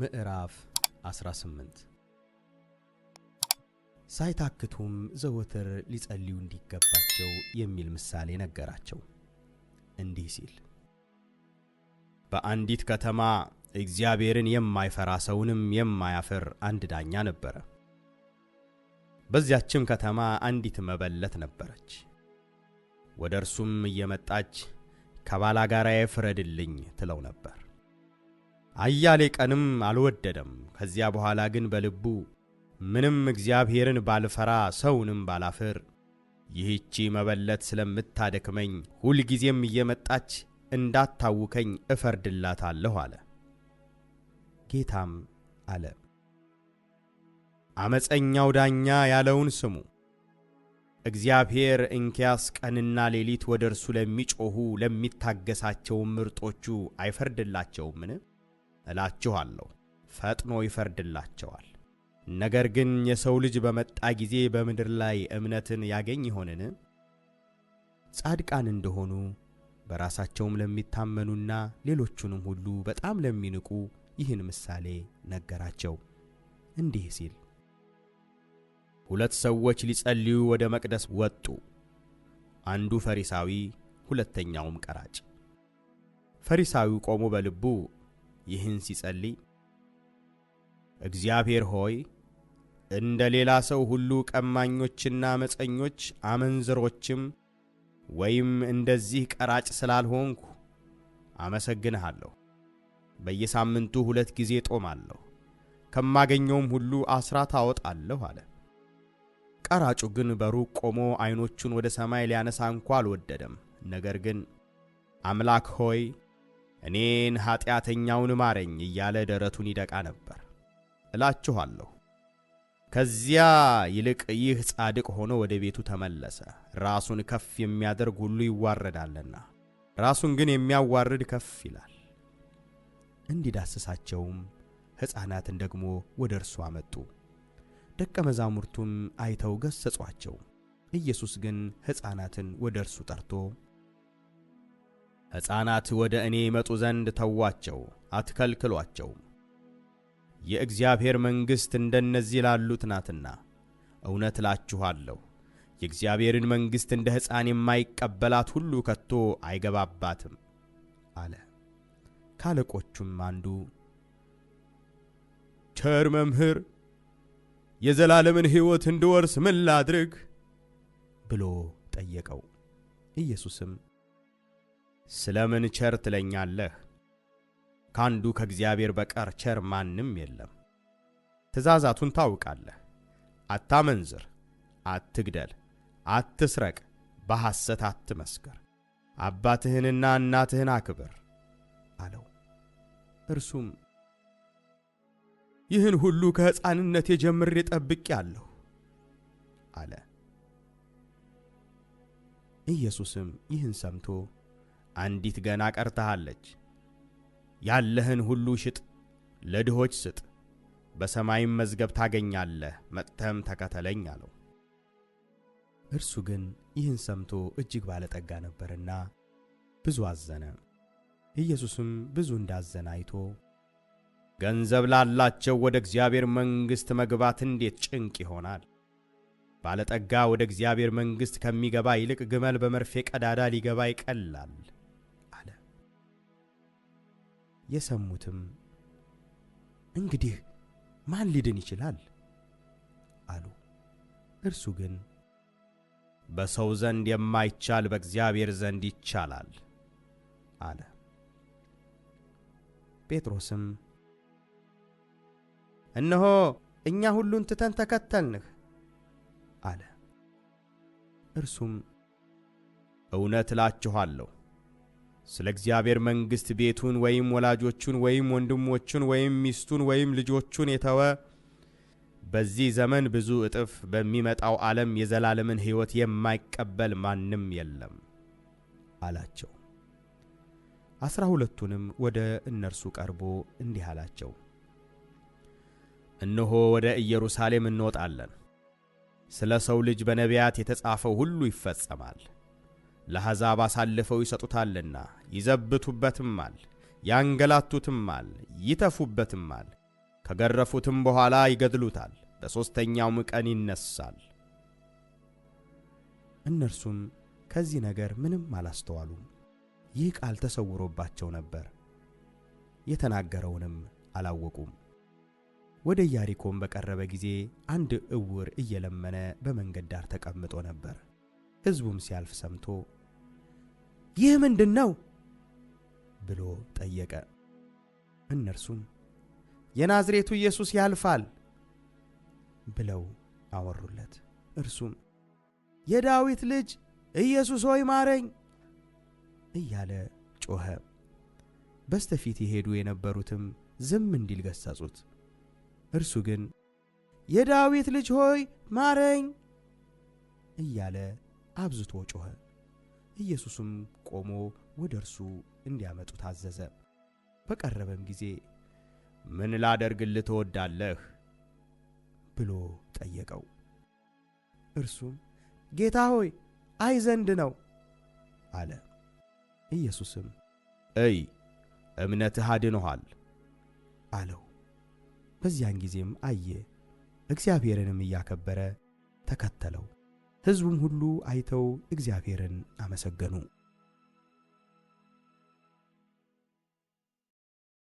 ምዕራፍ 18 ሳይታክቱም ዘወትር ሊጸልዩ እንዲገባቸው የሚል ምሳሌ ነገራቸው፣ እንዲህ ሲል፦ በአንዲት ከተማ እግዚአብሔርን የማይፈራ ሰውንም የማያፍር አንድ ዳኛ ነበረ። በዚያችም ከተማ አንዲት መበለት ነበረች። ወደ እርሱም እየመጣች ከባላጋራዬ ፍረድልኝ ትለው ነበር። አያሌ ቀንም አልወደደም። ከዚያ በኋላ ግን በልቡ ምንም እግዚአብሔርን ባልፈራ ሰውንም ባላፍር ይህቺ መበለት ስለምታደክመኝ ሁልጊዜም እየመጣች እንዳታውከኝ እፈርድላታለሁ አለ። ጌታም አለ አመፀኛው ዳኛ ያለውን ስሙ። እግዚአብሔር እንኪያስ ቀንና ሌሊት ወደ እርሱ ለሚጮኹ ለሚታገሳቸው ምርጦቹ አይፈርድላቸውምን? እላችኋለሁ ፈጥኖ ይፈርድላቸዋል። ነገር ግን የሰው ልጅ በመጣ ጊዜ በምድር ላይ እምነትን ያገኝ ይሆንን? ጻድቃን እንደሆኑ በራሳቸውም ለሚታመኑና ሌሎቹንም ሁሉ በጣም ለሚንቁ ይህን ምሳሌ ነገራቸው እንዲህ ሲል፣ ሁለት ሰዎች ሊጸልዩ ወደ መቅደስ ወጡ፣ አንዱ ፈሪሳዊ፣ ሁለተኛውም ቀራጭ። ፈሪሳዊው ቆሞ በልቡ ይህን ሲጸልይ እግዚአብሔር ሆይ እንደ ሌላ ሰው ሁሉ ቀማኞችና መፀኞች አመንዝሮችም ወይም እንደዚህ ቀራጭ ስላልሆንኩ አመሰግንሃለሁ። በየሳምንቱ ሁለት ጊዜ ጦማለሁ፣ ከማገኘውም ሁሉ አስራት አወጣለሁ አለ። ቀራጩ ግን በሩቅ ቆሞ ዐይኖቹን ወደ ሰማይ ሊያነሳ እንኳ አልወደደም። ነገር ግን አምላክ ሆይ እኔን ኀጢአተኛውን ማረኝ እያለ ደረቱን ይደቃ ነበር። እላችኋለሁ ከዚያ ይልቅ ይህ ጻድቅ ሆኖ ወደ ቤቱ ተመለሰ። ራሱን ከፍ የሚያደርግ ሁሉ ይዋረዳልና፣ ራሱን ግን የሚያዋርድ ከፍ ይላል። እንዲዳስሳቸውም ሕፃናትን ደግሞ ወደ እርሱ አመጡ። ደቀ መዛሙርቱም አይተው ገሠጿቸው። ኢየሱስ ግን ሕፃናትን ወደ እርሱ ጠርቶ ሕፃናት ወደ እኔ ይመጡ ዘንድ ተዋቸው፣ አትከልክሏቸው። የእግዚአብሔር መንግሥት እንደነዚህ ላሉት ናትና። እውነት እላችኋለሁ የእግዚአብሔርን መንግሥት እንደ ሕፃን የማይቀበላት ሁሉ ከቶ አይገባባትም አለ። ካለቆቹም አንዱ ቸር መምህር፣ የዘላለምን ሕይወት እንድወርስ ምን ላድርግ ብሎ ጠየቀው። ኢየሱስም ስለ ምን ቸር ትለኛለህ? ካንዱ ከእግዚአብሔር በቀር ቸር ማንም የለም። ትእዛዛቱን ታውቃለህ። አታመንዝር፣ አትግደል፣ አትስረቅ፣ በሐሰት አትመስክር፣ አባትህንና እናትህን አክብር አለው። እርሱም ይህን ሁሉ ከሕፃንነቴ ጀምሬ ጠብቄአለሁ አለ። ኢየሱስም ይህን ሰምቶ አንዲት ገና ቀርተሃለች። ያለህን ሁሉ ሽጥ፣ ለድሆች ስጥ፣ በሰማይም መዝገብ ታገኛለህ፣ መጥተም ተከተለኝ አለው። እርሱ ግን ይህን ሰምቶ እጅግ ባለጠጋ ነበርና ብዙ አዘነ። ኢየሱስም ብዙ እንዳዘነ አይቶ ገንዘብ ላላቸው ወደ እግዚአብሔር መንግሥት መግባት እንዴት ጭንቅ ይሆናል! ባለጠጋ ወደ እግዚአብሔር መንግሥት ከሚገባ ይልቅ ግመል በመርፌ ቀዳዳ ሊገባ ይቀላል የሰሙትም እንግዲህ ማን ሊድን ይችላል አሉ። እርሱ ግን በሰው ዘንድ የማይቻል በእግዚአብሔር ዘንድ ይቻላል አለ። ጴጥሮስም እነሆ እኛ ሁሉን ትተን ተከተልንህ አለ። እርሱም እውነት እላችኋለሁ ስለ እግዚአብሔር መንግሥት ቤቱን ወይም ወላጆቹን ወይም ወንድሞቹን ወይም ሚስቱን ወይም ልጆቹን የተወ በዚህ ዘመን ብዙ እጥፍ በሚመጣው ዓለም የዘላለምን ሕይወት የማይቀበል ማንም የለም አላቸው። አስራ ሁለቱንም ወደ እነርሱ ቀርቦ እንዲህ አላቸው፣ እነሆ ወደ ኢየሩሳሌም እንወጣለን፣ ስለ ሰው ልጅ በነቢያት የተጻፈው ሁሉ ይፈጸማል ለአሕዛብ አሳልፈው ይሰጡታልና ይዘብቱበትማል፣ ያንገላቱትማል፣ ይተፉበትማል። ከገረፉትም በኋላ ይገድሉታል፣ በሦስተኛውም ቀን ይነሣል። እነርሱም ከዚህ ነገር ምንም አላስተዋሉም። ይህ ቃል ተሰውሮባቸው ነበር፣ የተናገረውንም አላወቁም። ወደ ኢያሪኮም በቀረበ ጊዜ አንድ ዕውር እየለመነ በመንገድ ዳር ተቀምጦ ነበር። ሕዝቡም ሲያልፍ ሰምቶ ይህ ምንድን ነው? ብሎ ጠየቀ። እነርሱም የናዝሬቱ ኢየሱስ ያልፋል ብለው አወሩለት። እርሱም የዳዊት ልጅ ኢየሱስ ሆይ ማረኝ እያለ ጮኸ። በስተፊት የሄዱ የነበሩትም ዝም እንዲል ገሰጹት። እርሱ ግን የዳዊት ልጅ ሆይ ማረኝ እያለ አብዝቶ ጮኸ። ኢየሱስም ቆሞ ወደ እርሱ እንዲያመጡ ታዘዘ። በቀረበም ጊዜ ምን ላደርግልህ ትወዳለህ ብሎ ጠየቀው። እርሱም ጌታ ሆይ አይ ዘንድ ነው አለ። ኢየሱስም እይ እምነትህ አድኖሃል አለው። በዚያን ጊዜም አየ፣ እግዚአብሔርንም እያከበረ ተከተለው። ሕዝቡም ሁሉ አይተው እግዚአብሔርን አመሰገኑ።